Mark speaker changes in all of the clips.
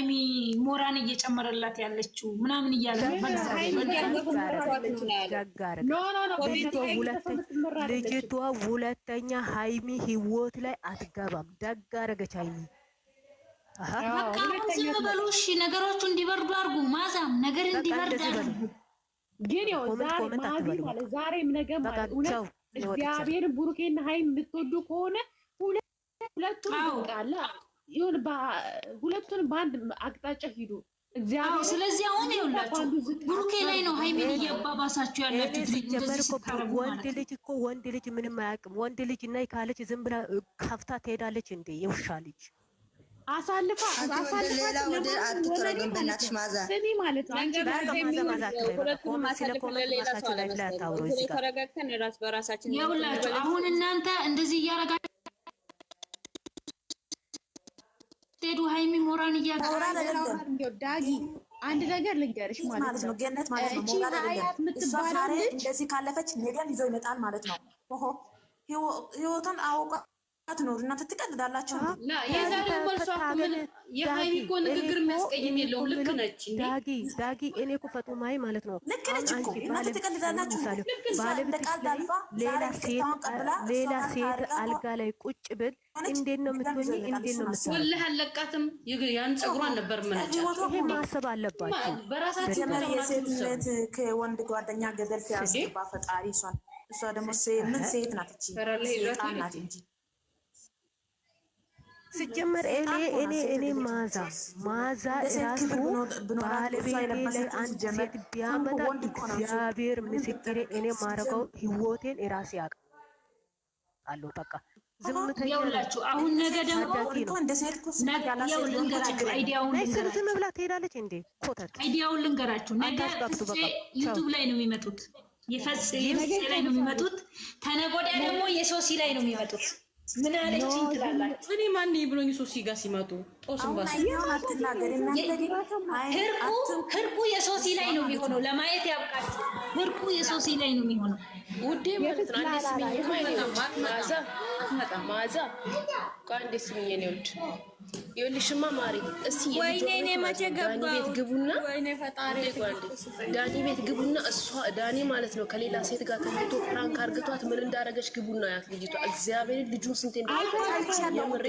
Speaker 1: ሀይሚ ሞራን እየጨመረላት ያለችው ምናምን እያለ
Speaker 2: ልጅቷ ሁለተኛ ሀይሚ ህይወት ላይ አትገባም። ደግ አደረገች ሀይሚ።
Speaker 1: ዝም በሉ እሺ፣ ነገሮቹ እንዲበርዱ አርጉ። ማዛም ነገር እንዲበርድ አድርጉ። ግን ያው ዛሬ ማዚ ማለት ዛሬም
Speaker 2: ነገ ማለት እውነት
Speaker 1: እግዚአብሔርን ብሩኬና ሀይሚ የምትወዱ ከሆነ ሁለቱ ይቃላ ይሁን ሁለቱን በአንድ አቅጣጫ ሂዱ። ስለዚህ አሁን ይኸውላችሁ ብሩኬ ላይ ነው ሃይሜን እያባባሳችሁ
Speaker 2: ያላችሁት። ወንድ ልጅ እኮ ወንድ ልጅ ምንም አያውቅም። ወንድ ልጅ እና ካለች ዝም ብላ ከፍታ ትሄዳለች እንዴ የውሻ ልጅ አሳልፋ ወደ ማለት ነው። ሁለቱንም
Speaker 1: ተረጋግተን ራስ በራሳችን ይኸውላችሁ አሁን እናንተ እንደዚህ እያረጋ ሀይሚ ሞራን እያወራሁ ዳጊ አንድ ነገር ልንገርሽ ማለት ነው። ገነት ማለት ነው ሞራል አይደለም። እሷ እንደዚህ ካለፈች ነገም ይዞ ይመጣል ማለት ነው። ህይወቷን አወቋ አትኖሩ እናንተ ትቀልዳላችሁ።
Speaker 2: ዳጊ ዳጊ እኔ እኮ ማለት ነው። ልክ ነች እኮ እናንተ ትቀልዳላችሁ። ሌላ ሴት ሌላ ሴት አልጋ ላይ ቁጭ ብል እንዴት ነው የምትሆኝ? እንዴት ነው የምትሆኝ?
Speaker 1: ወላሂ አለቃትም ያን ነበር
Speaker 2: ይሄ ማሰብ አለባቸው በራሳቸው። የሴትነት ከወንድ ጓደኛ ገደል ሲያስገባ ፈጣሪ እሷ ደግሞ ምን ሴት ናት?
Speaker 1: ሴጣን ናት እንጂ
Speaker 2: ሲጀመር እኔ እኔ እኔ ማዛ ማዛ ራሱ ባለቤቴ ላይ አንድ ሴት ቢያመጣ እግዚአብሔር ምስክሬ፣ እኔ ማረገው ህይወቴን ራሴ ያውቅ አለው። በቃ ዝምተኛ አሁን ነገ ደግሞ ስልስም ብላ ትሄዳለች እንዴ? ኮተት አይዲያውን ልንገራችሁ። ነገ ዩቱብ ላይ ነው የሚመጡት፣ የፈጽ ላይ ነው የሚመጡት። ተነጎዳ ደግሞ የሶሲ ላይ ነው የሚመጡት። ምን አለችኝ ትላላችሁ? እኔ ማን ብሎኝ ሶሲ ጋር ሲመጡ ህርቁ የሶሲ ላይ ነው የሚሆነው። ለማየት ያብቃችሁ። ህርቁ የሶሲ ላይ ነው የሚሆነው ውዴ ማለት ነው። አንዴ ስሚኝ ማዛ ማዛ አንዴ ስሚኝ የኔ ውድ ይኸውልሽማ ማሪ እስቲ ቤት ግቡና ዳኒ ቤት ግቡና እሷ ዳኒ ማለት ነው ከሌላ ሴት ጋር ተኝቶ ፕራንክ አርግቷት ምን እንዳደረገች ግቡና ያት ልጅቷ እግዚአብሔር ልጁን ስንቴ ምሬ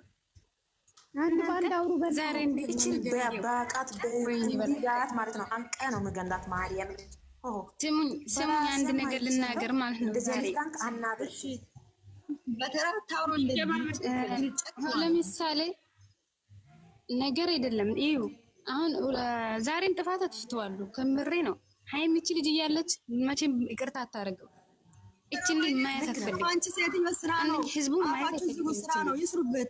Speaker 2: በቃት ማለት ነው። አንቀ ነው የምገንዳት ማርያም። ስሙኝ ስሙኝ፣ አንድ ነገር ልናገር ማለት ነው። ለምሳሌ ነገር አይደለም እዩ አሁን ዛሬም ጥፋት አጥፍተዋሉ። ከምሬ ነው። ሀይም ልጅ እያለች መቼም ይቅርታ አታደርገው። እቺ ማየት አትፈልግም። ህዝቡ ማየት ነው፣ ይስሩበት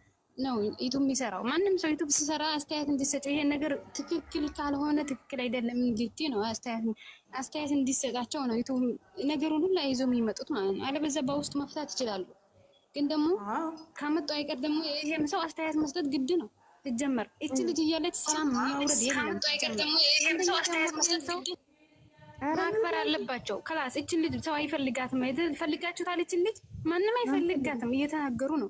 Speaker 2: ነው ዩቱብ የሚሰራው። ማንም ሰው ዩቱብ ሲሰራ አስተያየት እንዲሰጥ ይሄ ነገር ትክክል ካልሆነ ትክክል አይደለም እንዲቲ ነው አስተያየት እንዲሰጣቸው ነው ዩቱብ ነገሩን ሁላ ይዞ የሚመጡት ማለት ነው። አለበዛ በውስጥ መፍታት ይችላሉ። ግን ደግሞ ከመጡ አይቀር ደግሞ ይሄም ሰው አስተያየት መስጠት ግድ ነው። ትጀመር እች ልጅ እያለች ሰላም ማውረድ የለም። ማክበር አለባቸው። ከላስ እችን ልጅ ሰው አይፈልጋትም። ፈልጋችሁታል። እችን ልጅ ማንም አይፈልጋትም እየተናገሩ ነው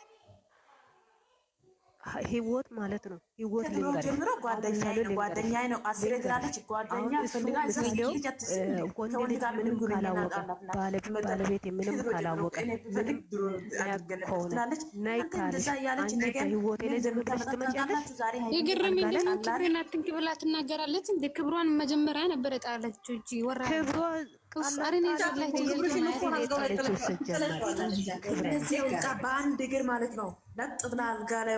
Speaker 2: ህይወት ማለት ነው። ህይወት ጀምሮ ጓደኛ ነው ጓደኛዬ ነው አስሬ ትላለች። ጓደኛ ምንም ካላወቀ ነይ ካለሽ ህይወቴ ላይ ብላ ትናገራለች። እንደ ክብሯን መጀመሪያ ነበረ ጣለች እጂ ወራ በአንድ እግር ማለት ነው ለጥ ብላ አልጋ ላይ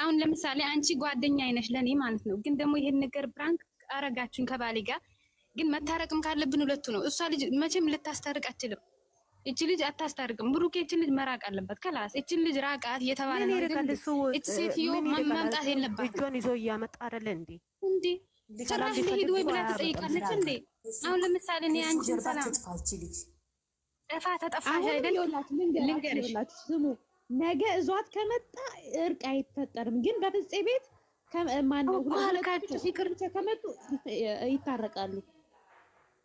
Speaker 2: አሁን ለምሳሌ አንቺ ጓደኛ አይነሽ ለእኔ ማለት ነው። ግን ደግሞ ይሄን ነገር ብራንክ አረጋችሁኝ ከባሌ ጋር ግን መታረቅም ካለብን ሁለቱ ነው። እሷ ልጅ መቼም ልታስታርቅ አችልም። እቺ ልጅ አታስታርቅም። ብሩኬ እችን ልጅ መራቅ አለበት። ከላስ እችን ልጅ ራቃት እየተባለ ነው። እቺ ሴትዮ መምጣት የለባት። እጇን ይዞ እያመጣ አደለ እንዴ? እንዲ ጭራሽ ልሂድ ወይ ብላ ትጠይቃለች እንዴ? አሁን ለምሳሌ እኔ አንቺን ሰላም ጠፋ ተጠፋሽ አይደል ልንገርሽ ነገ እዟት ከመጣ እርቅ አይፈጠርም። ግን በፍፄ ቤት ከመጡ ይታረቃሉ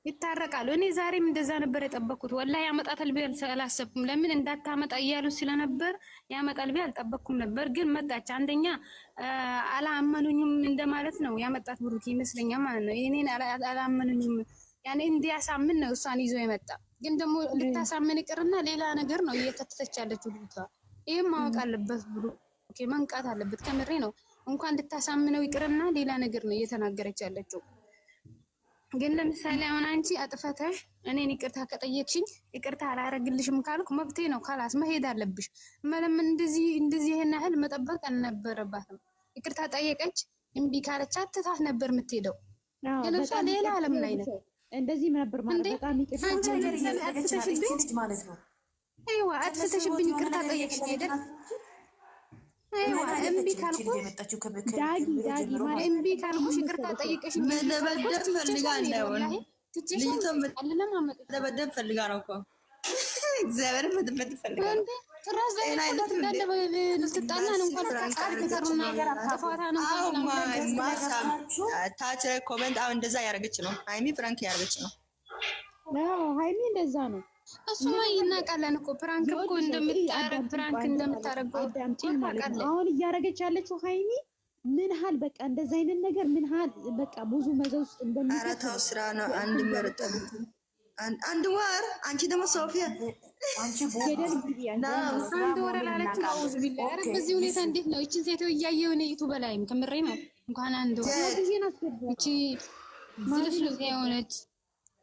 Speaker 2: ይታረቃሉ። እኔ ዛሬም እንደዛ ነበር የጠበኩት ወላ ያመጣታል ብዬ አላሰብኩም። ለምን እንዳታመጣ እያሉ ስለነበር ያመጣል ብዬ አልጠበኩም ነበር። ግን መጣች። አንደኛ አላመኑኝም እንደማለት ነው ያመጣት ብሩክ ይመስለኛል ማለት ነው። እኔን አላመኑኝም ያኔ እንዲያሳምን ነው እሷን ይዞ የመጣ ግን ደግሞ ልታሳምን ይቅርና ሌላ ነገር ነው እየከተተች ያለችው ልጅቷ። ይህም ማወቅ አለበት ብሎ መንቃት አለበት። ከምሬ ነው። እንኳን ልታሳምነው ይቅርና ሌላ ነገር ነው እየተናገረች ያለችው። ግን ለምሳሌ አሁን አንቺ አጥፈተሽ እኔን ይቅርታ ከጠየቅሽኝ ይቅርታ አላረግልሽም ካልኩ መብቴ ነው። ካላስ መሄድ አለብሽ። መለም እንደዚህ እንደዚህ ይሄን ያህል መጠበቅ አልነበረባትም። ይቅርታ ጠየቀች፣ እምቢ ካለች አትታት ነበር የምትሄደው። የለብሷ ሌላ አለም ላይ ነው። እንደዚህ ነበር ማለት በጣም ይቅርታ ማለት ነው አይዋ አጥፍተሽብኝ ይቅርታ ጠየቅሽኝ አይደል? አይዋ እምቢ ካልኩሽ ዳጊ ዳጊ ማለት እምቢ ካልኩሽ ይቅርታ ፈልጋ ነው ፈልጋ ነው። ታች ኮመንት አሁን እንደዛ ያደረገች ነው ሃይሚ ፍራንክ ያደረገች ነው ሃይሚ እንደዛ ነው እሱማ ይናቃለን እኮ ፕራንክ እኮ እንደምታረግ ፕራንክ እንደምታረገው አሁን እያረገች ያለችው ሀይሚ ምን ሀል በቃ እንደዛ አይነት ነገር ምን ሀል በቃ ብዙ መዘዝ ውስጥ እንደሚረታው ስራ ነው። አንድ መርጠ አንድ ወር አንቺ ደግሞ ሶፊያ አንቺ አንድ ወር ላለች ማውዝ ቢላ በዚህ ሁኔታ እንዴት ነው እችን ሴትዮ እያየ የሆነ ዩቱ በላይም ከምሬ ነው እንኳን አንድ ወር እቺ ዝልፍልፍ የሆነች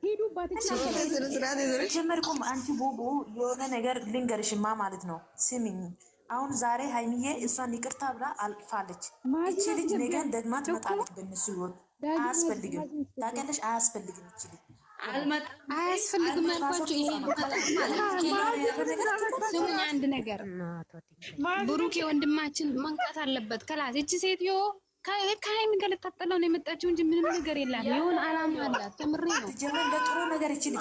Speaker 2: ሄዱባትጀመርኩም አንቺ ቡቡ የሆነ ነገር ልንገርሽማ ማለት ነው። ስሚኝ አሁን ዛሬ ሀይሚዬ እሷን ይቅርታ ብላ አልፋለች። እቺ ልጅ ነገን ደግማ ትመጣለች። በእነሱ ይሆን አያስፈልግም፣ ታውቂያለሽ፣ አያስፈልግም እቺ ልጅ አያስፈልግም አንድ ነገር ብሩኬ ወንድማችን መንቃት አለበት። ከላስ እቺ ሴትዮ ከሀይሚ ጋር ልታጠላው ነው የመጣችው እንጂ ምንም ነገር የላት። የሆነ አላማ አላት። ተምሬ ነው ጀመር ነገር ይችል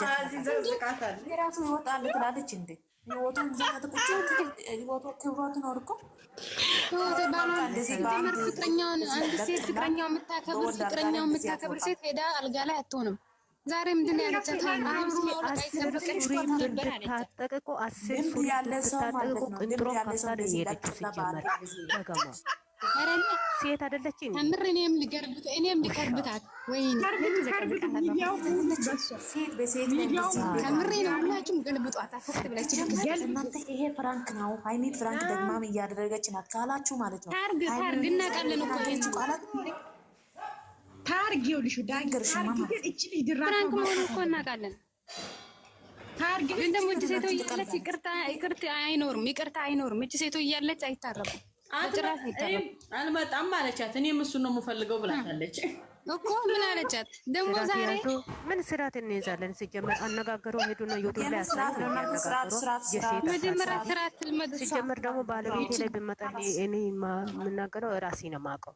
Speaker 2: የራሱ ይወጣ ትላለች እንዴ ፍቅረኛውን አንድ ሴት ፍቅረኛው የምታከብር ፍቅረኛው የምታከብር ሴት ሄዳ አልጋ ላይ አትሆንም። ዛሬ ምንድን ነው አስር ያለ ሰው ታጠቅቆ ቅንጥሮ ካሳ ነው የሄደችው ሲጀመር ነገማ ሴት አይደለች። ከምር እኔም ልገርብት እኔም ልቀርብታት ወይ ይሄ ፍራንክ ነው። ሀይሚ ፍራንክ ደግማም እያደረገች ናት ካላችሁ ማለት ነው። ግን ደግሞ እጅ ሴቶ እያለች ይቅርታ አይኖርም፣ ይቅርታ አይኖርም። እጅ ሴቶ እያለች አይታረቁም። አልመጣም አለቻት። እኔም እሱን ነው የምፈልገው ብላታለች እኮ ምን አለቻት ደግሞ ዛሬ ምን ስርዓት እንይዛለን? ሲጀመር አነጋገሩ ሄዱ ነው ዩቱብ ላይ ሲጀመር ደግሞ ባለቤቴ ላይ ብመጣ እኔ የምናገረው ራሴ ነው የማውቀው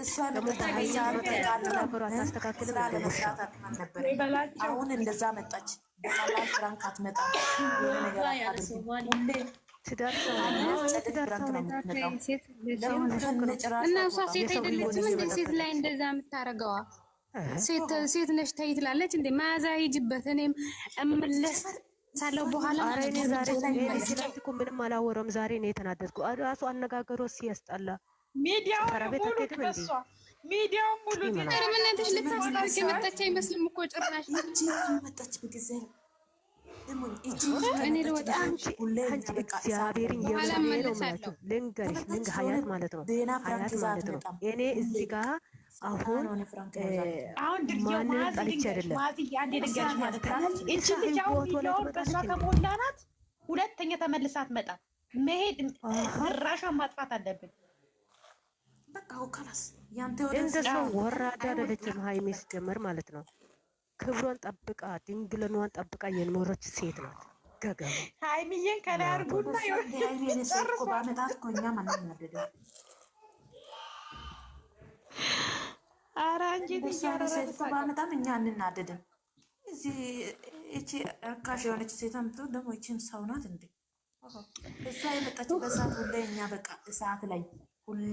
Speaker 2: እሷን አሁን እንደዛ መጣች። በጣም ፍራንክ አትመጣም። ሴት አይደለችም እንደ ሴት ላይ እንደዛ የምታደርገዋ ሴት ነሽ ተይ ትላለች። እንደ መያዛ ሂጅበት እኔም እምልስ ሳለው በኋላ ዛሬ ምንም አላወረም። ዛሬ ነው የተናደድኩ። ራሱ አነጋገሮ ሲያስጠላ ሚዲያውን ሙሉ በሷ ሚዲያው ሙሉ የመጣች አይመስልም እኮ እግዚአብሔርን የምለው ልንገርሽ ልንገ ሀያት ማለት ነው ሀያት ማለት ነው። እኔ እዚህ ጋ አሁን ሁለተኛ ተመልሳት መጣ መሄድ ማጥፋት አለብን በቃ ከላስ እንደ ሰው ወራዳ አይደለችም ሀይሜ ሲጀመር ማለት ነው። ክብሯን ጠብቃ ድንግልናዋን ጠብቃ የኖረች ሴት ናት። ገገሙ ሀይሚዬን ከላይ አድርጉና ባመጣት እኮ እኛም አናደደው። ኧረ እንጂ ባመጣም እኛ እንናደድም። እዚህ እቺ እርካሽ የሆነች ሴት አምጥቶ ደግሞ ይቺም ሰው ናት እንዴ? እሷ የመጣችው በእሳት ሁሌ እኛ በቃ እሳት ላይ ሁሌ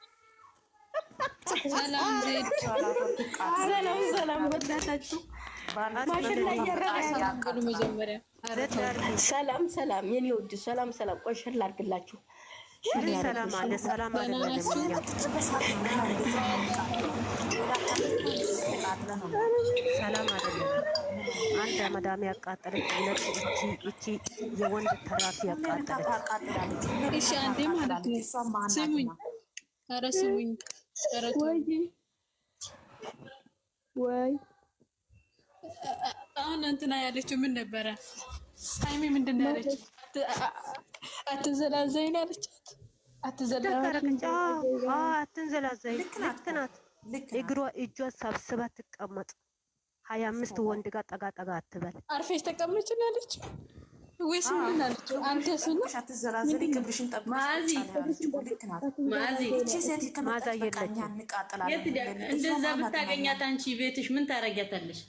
Speaker 2: ሰላም ወዳታችሁ ሰላም ሰላም የኔ ውድ ሰላም ሰላም። ቆይ ሸር ላድርግላችሁ። ሰላም አንድ መዳም ያቃጠለች ሁለት እቺ የወንድ ተራፊ ያቃጠለች። እሺ አንዴ ማለት ነው። ስሙኝ፣ ኧረ ስሙኝ ወይ አሁን እንትና ያለችው ምን ነበረ? ሃይሚ ምንድን ነው ያለችው? አትንዘላዘይን አለቻት። እግሯ እጇ ሰብስባ ትቀመጥ። ሀያ አምስት ወንድ ጋር ጠጋ ጠጋ አትበል። ተቀመጭ ነው ያለችው። ወይስ ምን አንተ አትዘራዘሪ፣ ክብርሽን ጠብቂ። እንደዛ ብታገኛት አንቺ ቤትሽ ምን ታረጊያታለሽ?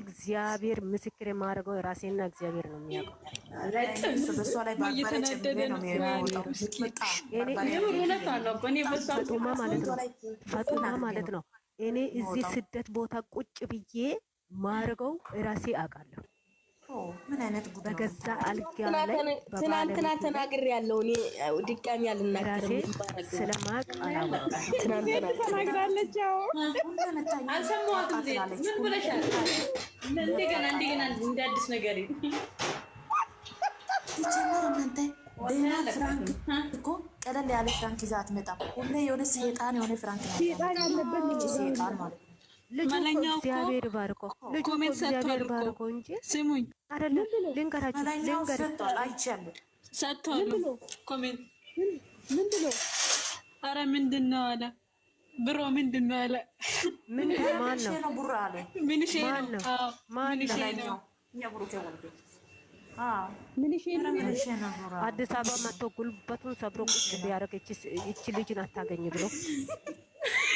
Speaker 2: እግዚአብሔር ምስክር የማደርገው ራሴና እግዚአብሔር ነው የሚያውቀው። ማለት ነው፣ እኔ እዚህ ስደት ቦታ ቁጭ ብዬ ማድረገው ራሴ አውቃለሁ። ምን አይነት ጉድ! በገዛ አልጋ ላይ ትናንትና ተናግር ያለው እኔ ድጋሚ አልናገርም ስለማቅ ትናንትና ተናግራለች። አዲስ ነገር ቀለል ያለ ፍራንክ ይዛ አትመጣም። ሁሌ የሆነ ሴጣን የሆነ ፍራንክ ሴጣን ማለት እግዚአብሔር ባርኮ እግዚአብሔር ባርኮ እንጂ ስሙኝ፣ አይደለም ልንገራችሁ፣ ልንገራችሁ። ምንድን ነው አለ ብሮ ምንድን ነው አለ ምን ማን ነው ብሮ አለ ምን ሼ ነው ማን ነው አዲስ አበባ መጥቶ ጉልበቱን ሰብሮ ቁጭ ቢያደርግ እቺ ልጅን አታገኝ ብሎ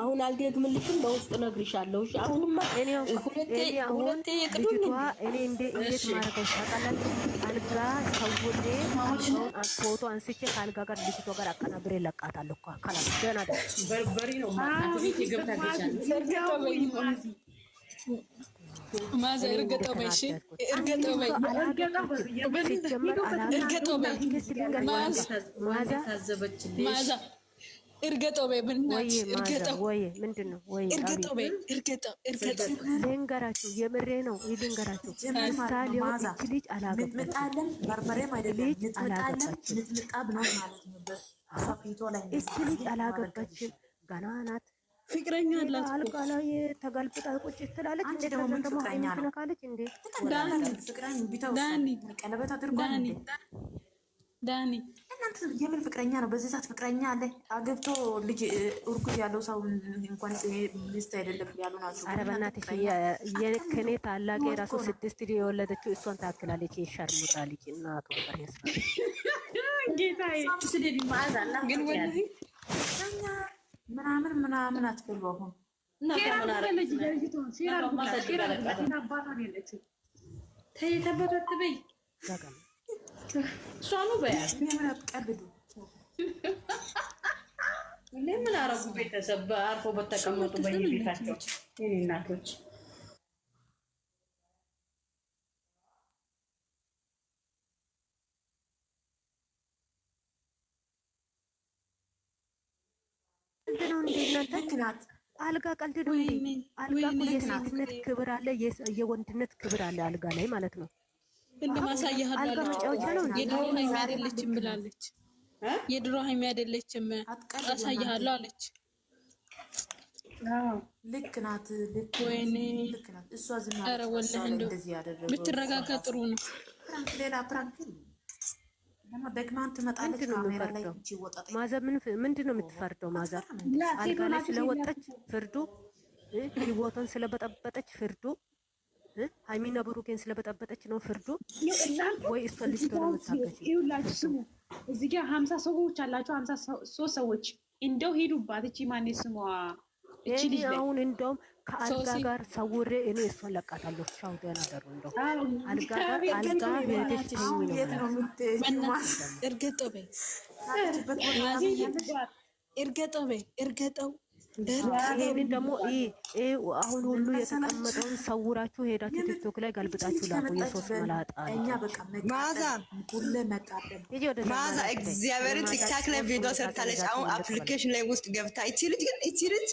Speaker 2: አሁን አልደግምልሽም። በውስጥ እነግርሻለሁ። እሺ አሁንማ ሁለቴ ሁለቴ ልጅቷ እኔ እንደ እንዴት ማረገው ታውቃለህ? አልጋ ሰውዴ ፎቶ አንስቼ ካልጋ ጋር ልጅቷ ጋር አቀናብሬ ለቃታለሁ እኮ ካላ ገና ደ በርበሪ ነው ማጥፊት ይገብታ በይ፣ እሺ እርግጠው በይ፣ እርግጠው በይ ማዘ እርገጠው በይ ምንድን ነው ወይ ልንገራችሁ፣ የምሬ ነው ልንገራችሁ። ምሳሌው ልጅ አላገባችም፣ በርበሬም ልጅ አላገባችም፣ እች ልጅ አላገባችም፣ ገና ናት። ፍቅረኛ አላት ላይ ቁጭ ትላለች። ደግሞ ዳኒ ዳኒ ዳኒ እናንተ የምን ፍቅረኛ ነው? በዚህ ሰዓት ፍቅረኛ አለ አገብቶ ልጅ እርጉዝ ያለው ሰው እንኳን ሚስት አይደለም ያሉ ናቸው። ኧረ በእናትሽ የክኔ ታላቅ የራሱ ስድስት የወለደችው እሷን ታክላለች። የሻርሙጣ ልጅ እናቱ ምናምን ምናምን አትበሉ። አሁን ተይ ተበረት በይ እሷኑ በያዝ ምን አረጉ? ቤተሰብ አርፎ በተቀመጡ በየቤታቸው የእኔ እናቶች አልጋ ቀልድ ነው። አልጋ የሴትነት ክብር አለ፣ የወንድነት ክብር አለ አልጋ ላይ ማለት ነው። እንደማሳያህ የድሮ ሀይሚ አይደለችም ብላለች። የድሮ ሀይሚ አይደለችም አሳያሃለሁ አለች። ልክ ናት። ወይኔ እሷ ዝም አለ። ወላሂ እንደው ብትረጋጋ ጥሩ ነው። ሌላ ፕራንክ ማዘር ምንድን ነው የምትፈርደው? ማዘር አልጋ ላይ ስለወጠች ፍርዱ፣ ህይወቷን ስለበጠበጠች ፍርዱ ሀይሚና ብሩኬን ስለበጠበጠች ነው ፍርዱ ወይ? እሷ ልጅ ስሙ እዚህ ጋ ሀምሳ ሰዎች አላቸው። ሀምሳ ሶስት ሰዎች እንደው ሄዱባት። እቺ ማን ስሟ? እቺ ልጅ አሁን እንደውም ከአልጋ ጋር ሰውሬ እኔ እሷን ለቃታለሁ። ቻው ደህና ደሩ። እንደው አልጋ ጋር አልጋ ቤተሽ ተኝ ነው ይህንን ደግሞ አሁን ሁሉ የተቀመጠውን ሰውራችሁ ሄዳችሁ ቲክቶክ ላይ ገልብጣችሁ ላኩ። የሶስት መላጣ ማዛ እግዚአብሔርን ቲክታክ ላይ ቪዲዮ ሰርታለች። አሁን አፕሊኬሽን ላይ ውስጥ ገብታ ይቺ ልጅ ግን ይቺ ልጅ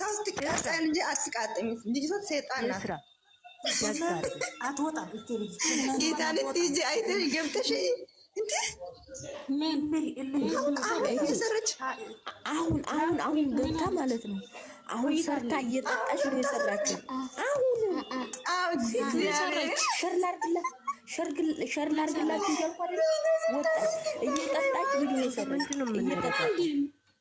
Speaker 2: ሰው ስትቃጣል እንጂ አትቃጥም። ልጅቷ ሰይጣን ናት። አትወጣም። ጌታን ቲጂ አይተሽ ገብተሽ አሁን አሁን አሁን ገብታ ማለት ነው። አሁን ሰርታ እየጠጣች ነው የሰራችው። አሁን ሸር ላድርግላችሁ እያልኩ ወጣች እየጠጣች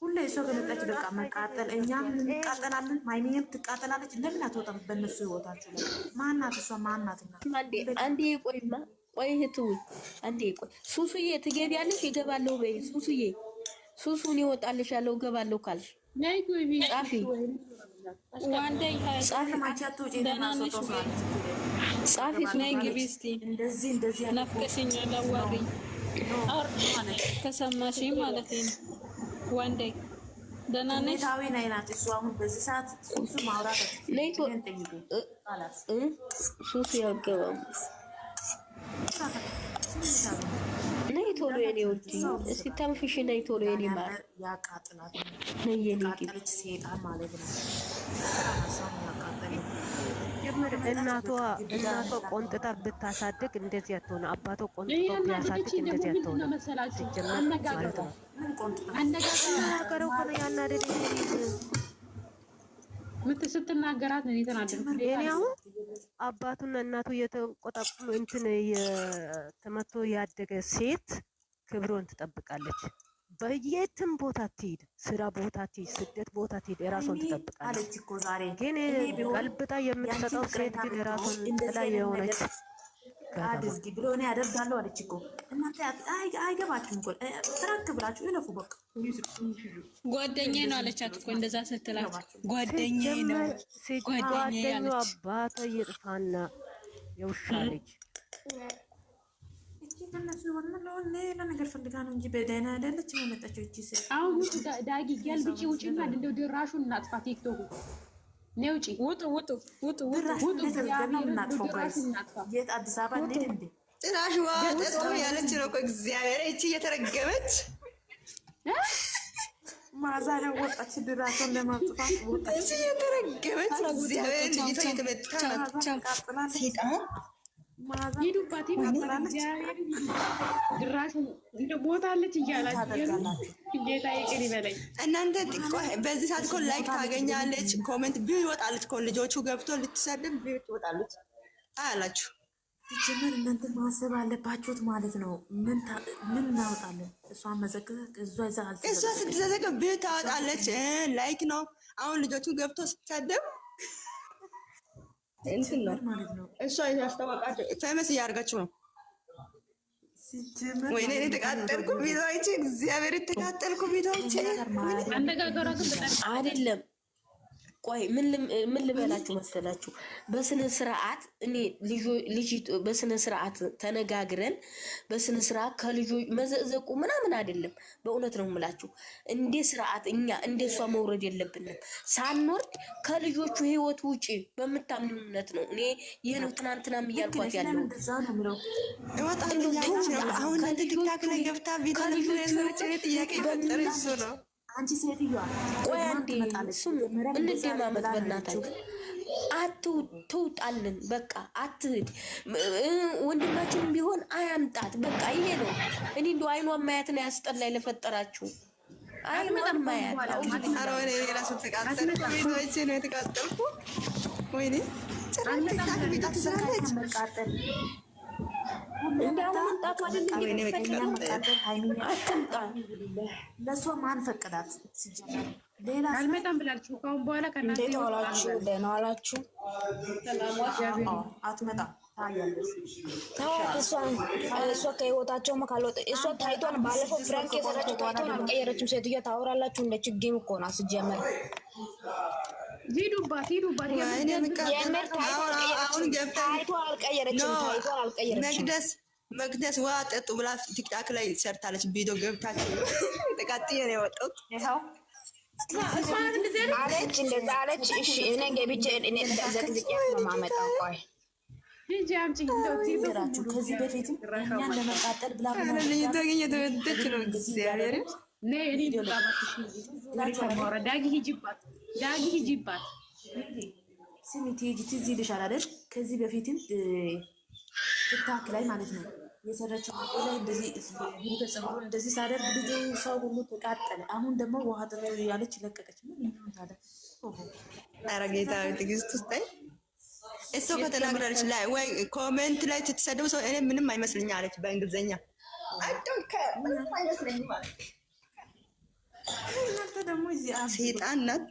Speaker 2: ሁሌ እሷ ከመጣች በቃ መቃጠል፣ እኛም እንቃጠላለን፣ ማይኒም ትቃጠላለች። ለምን አትወጣም? በእነሱ ህይወታችሁ ላይ ማናት እሷ ማናትና? አንዴ ቆይማ፣ ቆይ እህት አንዴ ቆይ። ሱሱዬ ትገቢያለሽ? ይገባለሁ በይ ሱሱዬ። ሱሱን ይወጣልሻለሁ እገባለሁ ካልሽ ጻፊ ጻፊ፣ ነይ ግቢ እስኪ እንደዚህ እንደዚህ ናፍቀሽኛል፣ አዋሪኝ ተሰማሽ ማለት ነው። ዋንዴ ደህና ነሽ? አሁን በዚህ ሰዓት ሱስ ያገባም ነይ ቶሎ የኔ ውድ፣ እስኪ ተንፍሽ። ነይ ቶሎ የኔ ማር፣ ነይ የኔ ጌጥ እናቷ እናቷ ቆንጥጣ ብታሳድግ እንደዚህ አትሆነ። አባቷ ቆንጥቶ ቢያሳድግ እንደዚህ አትሆነ። ማለት ነው አነጋገረው ምት ስትናገራት ነው እኔ አሁን አባቱና እናቱ እንትን ተመቶ ያደገ ሴት ክብሮን ትጠብቃለች። በየትም ቦታ ትሄድ፣ ስራ ቦታ ትሄድ፣ ስደት ቦታ ትሄድ፣ የራሷን ትጠብቃለች። ግን ቀልብጣ የምትሰጠው ሴት ግን የራሷን ጥላ የሆነች አድርጊ ብሎ እኔ ያደርጋለሁ አለች እኮ። እናንተ አይገባችሁም እኮ ትራክ ብላችሁ ይለፉ በቃ ጓደኛዬ ነው አለቻት እኮ እንደዛ ስትላት፣ ጓደኛዬ ነው ጓደኛዬ አባቷ የጥፋና የውሻ ልጅ እነሱ የሆነ ለሆን ሌላ ነገር ፈልጋ ነው እንጂ በደህና አይደለችም የመጣችው። እቺ ሴ አሁን ውጡ፣ ዳጊ ገልብጪ፣ ውጪና እንደው ድራሹን እናጥፋ። ቲክቶክ ነው ውጪ፣ ውጡ፣ ውጡ፣ ውጡ፣ ውጡ። የት አዲስ አበባ እንዴ? እንዴ ጭራሽ ዋ ጠጥቶ ያለች ነው እኮ እግዚአብሔር። እቺ እየተረገመች ማዛ ነው ወጣች፣ ድራሹን ለማጥፋት ወጣች። እቺ እየተረገመች ነው እግዚአብሔር። ልጅቷ የተመታ ናት። ሴጣን ሂዱባት ግራሽ ቦታለች እያላችሁ ጌታ ይቅር ይበለኝ። እናንተ በዚህ ሰዓት እኮ ላይክ ታገኛለች፣ ኮሜንት ቢው ይወጣለች እኮ ልጆቹ ገብቶ ልትሰድብ ቢው ትወጣለች አያላችሁ። ሲጀመር እናንተ ማሰብ አለባችሁት ማለት ነው። ምን እናወጣለን? እሷን መዘግዘግ እሷ ይዛ እሷ ስትዘዘግ ቢው ታወጣለች። ላይክ ነው አሁን ልጆቹ ገብቶ ስትሰድብ እንትን ነው እሷ ያስታወቃቸው ፌመስ እያደረገችው ነው። ወይኔ ተቃጠልኩ ቪዲዮዎቼ፣ እግዚአብሔር ተቃጠልኩ ቪዲዮዎቼ። አነጋገሯ ግን አይደለም ቆይ ምን ልበላችሁ መሰላችሁ፣ በስነ ስርዓት እኔ ልጅ በስነ ስርዓት ተነጋግረን በስነ ስርዓት ከልጆች መዘዘቁ ምናምን አይደለም። በእውነት ነው ምላችሁ፣ እንደ ስርዓት እኛ እንደ እሷ መውረድ የለብንም። ሳንወርድ ከልጆቹ ህይወት ውጪ በምታምን እውነት ነው። እኔ ይህ ነው ትናንትናም እያልኳት ያለው ወጣሁ አሁን ላይ ገብታ ቪዲዮ ጥያቄ ነው አንቺ ሴትዮዋ ቆይ አንዴ ስሙ፣ እንደማመት በእናታችሁ አትውጣልን። በቃ አትሂድ። ወንድማችሁም ቢሆን አያምጣት። በቃ ይሄ ነው። እኔ እንደው አይኗ ማያት ነው ያስጠላኝ። ለፈጠራችሁ አይኗን ማያት ነው ወይኔ ለእሷ ማን ፈቀዳት? አልመጣም ብላለች። ከአሁን በኋላ እንዴት ዋላችሁ? ደህና ዋላችሁ? አትመጣም እሷ ከህይወታቸው እሷ ታይቷን ባለፈው ፍራንክ የሰራችው ታይቷን አልቀየረችም። ሴትዮዋ ታወራላችሁ እንደ ችግኝ እኮ ናት ሲጀመር ሂዱባት ሂዱባት። አሁን ገብተን መቅደስ ውሃ ጠጡ ብላ ቲክታክ ላይ ሰርታለች። ቢዶ ገብታችሁ ተቃጥዬ ነው የወጣሁት አለች። እንደዛ አለች። እሺ እኔ ገብቼ እኔ ዘቅዝቄ ማመጣው ቆይ ራችሁ ከዚህ በፊትም እኛን ለመቃጠል ብላ ተገኘ ተመተች ነው ጊዜ ዳጊ ሂጅባት ዳጊ ሂጂባት ስሚ ትሄጂ ትዝ ይልሻል አይደል? ከዚህ በፊትም ትታክ ላይ ማለት ነው የሰራችው ላይ እንደዚህ እንደዚህ ሳደርግ ብዙ ሰው ሁሉ ተቃጠለ። አሁን ደግሞ ውሃ ጥሩ ያለች ለቀቀች። ኧረ ጌታ ትግስት ውስጥ እሱ ከተናግራለች ላይ ወይ ኮሜንት ላይ ስትሰደብ ሰው እኔ ምንም አይመስልኛ አለች በእንግሊዝኛ አይመስለኝ ማለት እናንተ ደግሞ ሴጣን ናት፣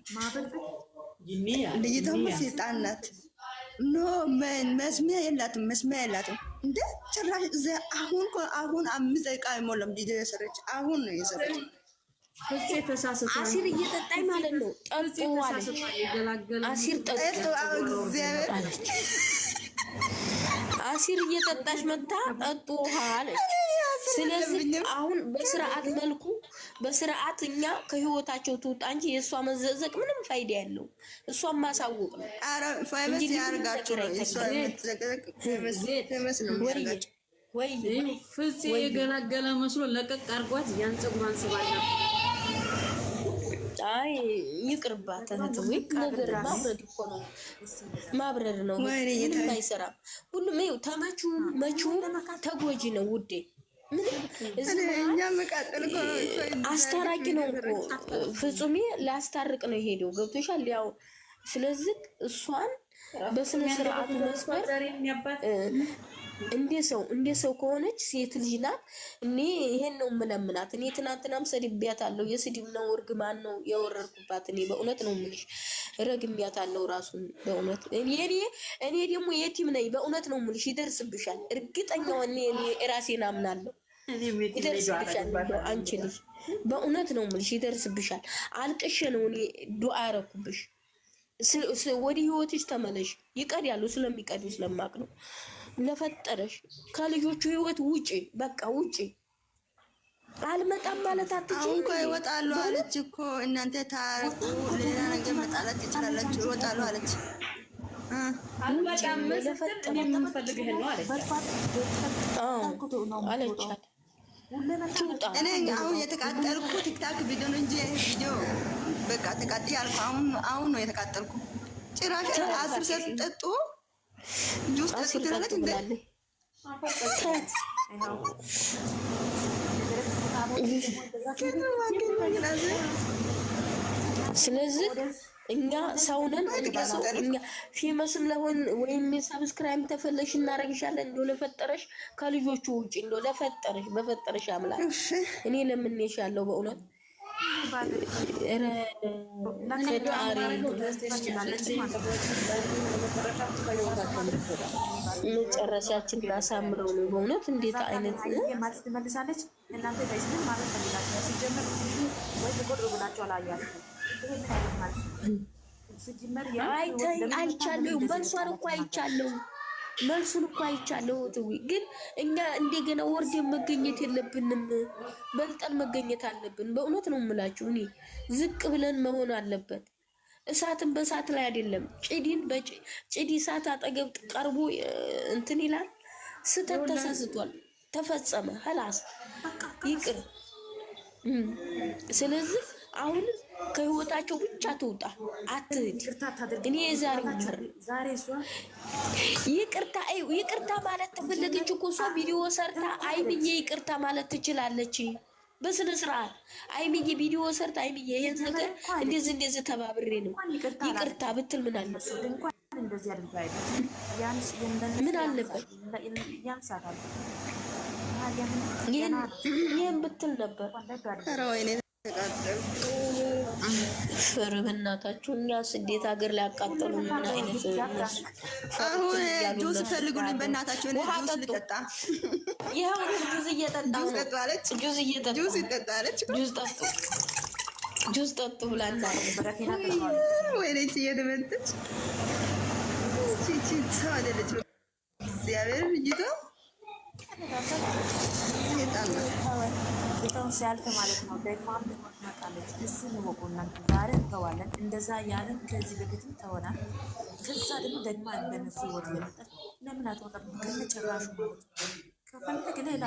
Speaker 2: ልጅቷማ ሴጣን ናት። ኖ መስሚያ የላትም፣ መስሚያ የላትም። እንደ ጭራሽ አሁን አሁን አምስት ደቂቃ አይሞላም ልጅ የሰረች አሁን ነው የሰረች። አሲር እየጠጣኝ ማለት ነው። አሲር አሲር እየጠጣች መታ ጠጡ ውሃ አለች። ስለዚህ አሁን በስርዓት መልኩ በስርዓት እኛ ከህይወታቸው ትውጣ እንጂ የእሷ መዘዘቅ ምንም ፋይዳ ያለው እሷን ማሳወቅ ነው። ፍፄ የገላገለ መስሎ ለቀቅ አርጓት ያን ፀጉሯን ስባለ አይ ይቅርባት። ነገር ማብረድ እኮ ነው፣ ማብረድ ነው። ምንም አይሰራም። ሁሉም ይኸው ተመቹም መቹም ተጎጂ ነው ውዴ አስታራቂ ነው እኮ ፍጹሜ፣ ላስታርቅ ነው የሄደው። ገብቶሻል? ያው ስለዚህ እሷን በስነ ስርዓቱ መስመር እንደ ሰው እንደ ሰው ከሆነች ሴት ልጅ ናት። እኔ ይሄን ነው የምለምናት። እኔ ትናንትናም ሰድቤያታለሁ። የስድብ ነው እርግማን ነው የወረድኩባት። እኔ በእውነት ነው የምልሽ ረግሜያታለሁ ራሱን በእውነት እኔ እኔ ደግሞ የቲም ነኝ። በእውነት ነው የምልሽ ይደርስብሻል። እርግጠኛው እኔ ራሴን አምናለሁ። ይደርስብሻል። አንቺ ልጅ በእውነት ነው የምልሽ፣ ይደርስብሻል። አልቅሽ ነው እኔ ዱአ ያረኩብሽ። ወደ ህይወትሽ ተመለሽ። ይቀድ ይቀዳሉ ስለሚቀዱ ስለማቅ ነው ለፈጠረሽ። ከልጆቹ ህይወት ውጪ፣ በቃ ውጪ። አልመጣም ማለት አትችል። እኮ ይወጣሉ አለች እኮ እናንተ ታርቁ፣ ሌላ ነገር መጣላት ትችላላችሁ። ይወጣሉ አለች። አልመጣም መሰለኝ እኔ ፈልገህ ነው አለች አለቻት። እኔ አሁን የተቃጠልኩ ቲክታክ ቪዲዮ ነው እንጂ ቪዲዮ በቃ ተቃጥ ያልኩ አሁን አሁን ነው የተቃጠልኩ። ጭራሽ አስር ሰዓት ጠጡ ጁስ ጠጡ ትላለች እንደ ስለዚህ እኛ ሰውነን ፌመስም ለሆን ወይም ሰብስክራይብ ተፈለሽ እናደርግሻለን። እንደ ለፈጠረሽ ከልጆቹ ውጭ እንደ ለፈጠረሽ በፈጠረሽ አምላክ እኔ ለምንሽ ያለው በእውነት መጨረሻችን ላሳምረው ነው በእውነት እንዴት አይነት ማለት ትመልሳለች እናንተ አይቻለሁ። መልሷን እኮ አይቻለሁ። መልሱን እኮ አይቻለሁ። ትዊ ግን እኛ እንደገና ወርደን መገኘት የለብንም። በልጠን መገኘት አለብን። በእውነት ነው የምላችሁ። እኔ ዝቅ ብለን መሆን አለበት። እሳትን በእሳት ላይ አይደለም። ጭዲን ጭዲ እሳት አጠገብ ቀርቦ እንትን ይላል። ስተት ተሰስቷል ተፈጸመ፣ ሀላስ ይቅር። ስለዚህ አሁን ከህይወታቸው ብቻ ትውጣ፣ አትሂድ። እኔ የዛሬ ይቅርታ ይቅርታ ማለት ትፈልግች እኮ እሷ ቪዲዮ ሰርታ አይምዬ ይቅርታ ማለት ትችላለች። በስነ ስርዓት አይምዬ ቪዲዮ ሰርታ አይምዬ ይህን ነገር እንደዚህ እንደዚህ ተባብሬ ነው ይቅርታ ብትል ምን አለ? ምን አለበት? ይህን ብትል ነበር። ፍር በእናታችሁ እና ስደት ሀገር ላይ አቃጠሉ። ምን አይነት አሁን ጁስ ፈልጉልኝ በእናታችሁ። እኔ ጁስ ልጠጣ። ይኸው ጁስ እየጠጣ ጁስ እየጠጣ ጁስ ጠጡ፣ ጁስ ጠጡ ብላታ ወይኔ እየደመጠች ሰው አይደለች። እግዚአብሔር ልጅቷ ጣ ፋብሪካውን ሲያልፍ ማለት ነው ደግማም ትመጣለች። ንወቁ እናንተ ዛሬ እንተዋለን። እንደዛ ያለን ከዚህ በፊትም ተሆናል። ከዛ ደግሞ ደግማ እንደነሱ ወድ ለመጠት ለምን አትወጣም? ከነጭራሹ ማለት ነው ከፈለግ ሌላ